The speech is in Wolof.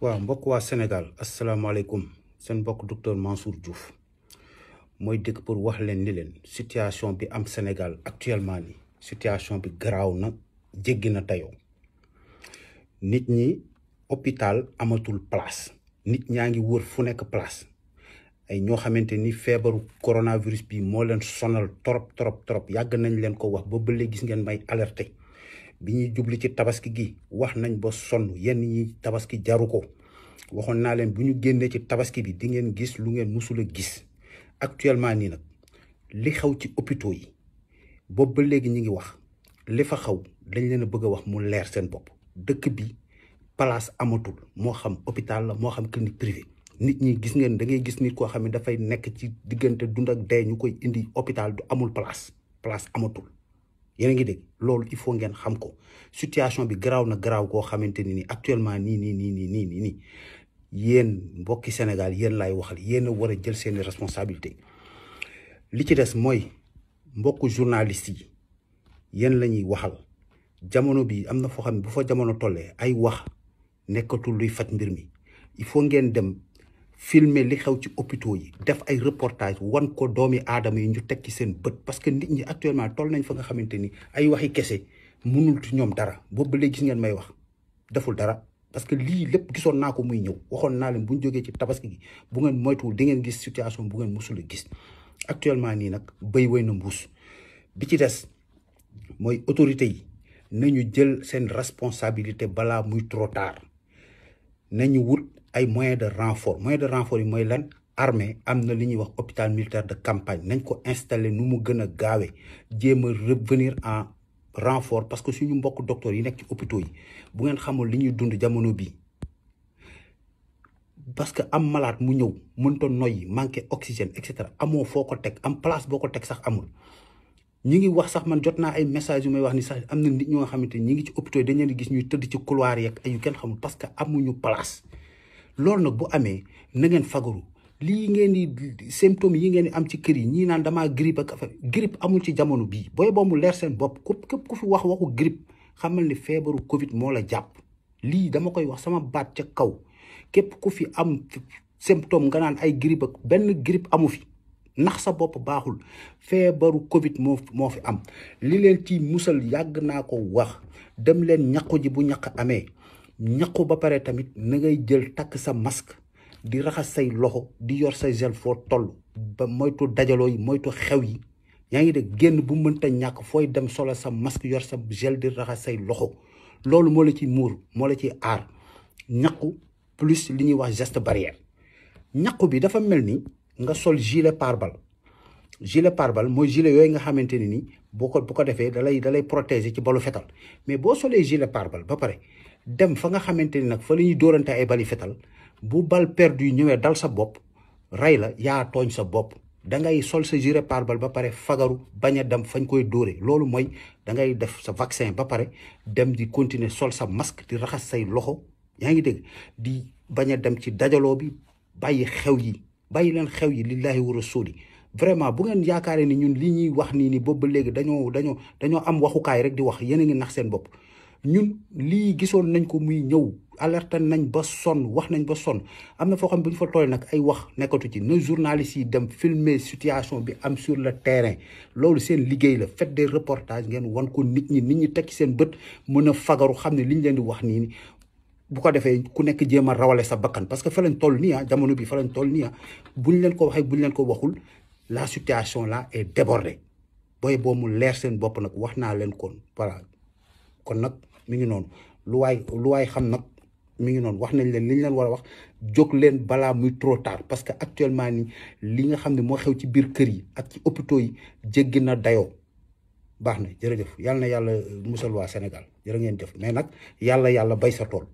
mbok wa senegal Sénégal asalaamaaleykum seen bok docteur Mansour Diouf moy dekk pour wax len ni len situation bi am senegal actuellement ni situation bi graw na djegina na nit ñi hôpital amatul place nit ñaa ngi wër fu nek place ay ño xamanteni coronavirus bi molen len sonal trop trop trop yag nañ len ko wax ba ba léegi gis ngeen may alerter bi ñuy jubli ci tabaski gi wax nañ ba sonn yenn ñi tabaski jaru ko waxoon naa leen bu ñu génnee ci tabaski bi di ngeen gis lu ngeen musul a gis actuellement nii nag li xaw ci hôpitaux yi boobu ba léegi ñu ngi wax li fa xaw dañ leen a bëgg wax mu leer seen bopp dëkk bi place amatul moo xam hôpital la moo xam clinique privée nit ñi gis ngeen da ngay gis nit koo xam ne dafay nekk ci diggante dund ak dee ñu koy indi hôpital du amul place place amatul yéen a ngi dégg loolu il faut ngeen xam ko situation bi garaaw na garaaw koo xamante ni actuellement nii nii nii nii nii nii yéen mbokki Sénégal yéen laay waxal yéen a war a jël seeni responsabilité li ci des mooy mbokku journaliste yi yéen la ñuy waxal jamono bi am na foo xam ne bu fa jamono tollee ay wax nekkatul luy faj mbir mi il faut ngeen dem filmer li xew ci hôpitaux yi def ay reportage wan ko doomi aadama yi ñu teg ci seen bët parce que nit ñi actuellement toll nañ fa nga xamante ni ay waxi kese mënul ci ñoom dara boobu ba léegi gis ngeen may wax deful dara parce que lii lépp gisoon naa ko muy ñëw waxoon naa leen bu ñu jógee ci tabaski gi bu ngeen moytuwul di ngeen gis situation bu ngeen musul gis actuellement nii nag béy woy na mbuus bi ci des mooy autorité yi nañu jël seen responsabilité balaa muy trop tard ay moyens de renfort moyens de renfort yi mooy lan armée am li wax hôpital militaire de campagne nañ ko installer nu mu gëna a gaawee revenir en renfort parce que suñu mbokk docteur yi nek ci hôpitaux yi bu ngeen xamul li ñuy dund jamono bi parce que am malade mu ñëw mënta noyyi manquer oxygène etc. cetera foko tek am place boko tek sax amul ñi ngi wax sax man jotna ay message yu may wax ni sax am na nit ñoo xamante ñi ngi ci hôpitaux dañ leen di gis ñuy teud ci couloir yak ay yu kenn xamul parce que amuñu place loolu nag bu amee na ngeen fagaru lii ngeen di yi ngeen di am ci kër yi ñii naan damaa grippe ak amul ci jamono bii booy boo mu leer seen bopp ku képp ku fi wax waxu grippe xamal ni feebaru Covid moo la jàpp lii dama koy wax sama baat ca kaw képp ku fi am symptôme nga naan ay grippe benn grippe amu fi ndax sa bopp baaxul feebaru Covid moo moo fi am li leen ci musal yàgg naa ko wax dem leen ñaqu ji bu ñaq amee. ñaqu ba pare tamit na ngay jël takk sa masque di raxas say loxo di yor sa gel foo toll ba moytu dajaloo yi moytu xew yi yaa ngi dégg génn bu mënta ñàkk fooy dem solo sa masque yor sa gel di raxas say loxo loolu moo la ci muur moo la ci aar ñaqu plus li ñuy wax geste barrière ñaqu bi dafa mel ni nga sol gilet parbal balles gilet pare-balles mooy gilet yooyu nga xamante ne ni boo ko bu ko defee dalay dalay protéger ci balu fetal mais boo solee gilet parbal ba pare dem fa nga xamante ni nag fa la ñuy dóorante ay bali fetal bu bal perdu ñëwee dal sa bopp rey la yaa tooñ sa bopp da ngay sol sa gilet pare ba pare fagaru bañ a dem fañ koy dóore loolu mooy da ngay def sa vaccin ba pare dem di continuer sol sa masque di raxas say loxo yaa ngi dégg di bañ a dem ci dajaloo bi bàyyi xew yi bàyyi leen xew yi war a rasuli vraiment bu ngeen yaakaaree ni ñun li ñuy wax nii ni boobu ba léegi dañoo dañoo dañoo am waxukaay rek di wax yéen a ngi nax seen bopp ñun lii gisoon nañ ko muy ñëw alerté nañ ba sonn wax nañ ba sonn am na foo xam bu ñu fa tooy nag ay wax nekkatu ci ne journalistes yi dem filmer situation bi am sur le terrain loolu seen liggéey la faites des reportages ngeen wan ko nit ñi nit ñi teg ci seen bët mun a fagaru xam ne li ñu leen di wax nii bu ko defee ku nekk jéem a rawale sa bakkan parce que fa lañ toll nii ah jamono bi fa lañ toll nii ah, buñ leen ko waxee buñ leen ko waxul la situation la est débordée booy boo leer seen bopp nag wax naa leen kon voilà mi ngi noonu lu waay lu waay xam nag mi ngi noonu wax nañ leen li leen war a wax jóg leen balaa muy trop parce que actuellement ni li nga xam ne moo xew ci biir kër yi ak ci hôpitaux yi jéggi na dayoo baax na jërëjëf yàlla na yàlla musal waa Sénégal jërë ngeen jëf mais nag yàlla yàlla bay sa tool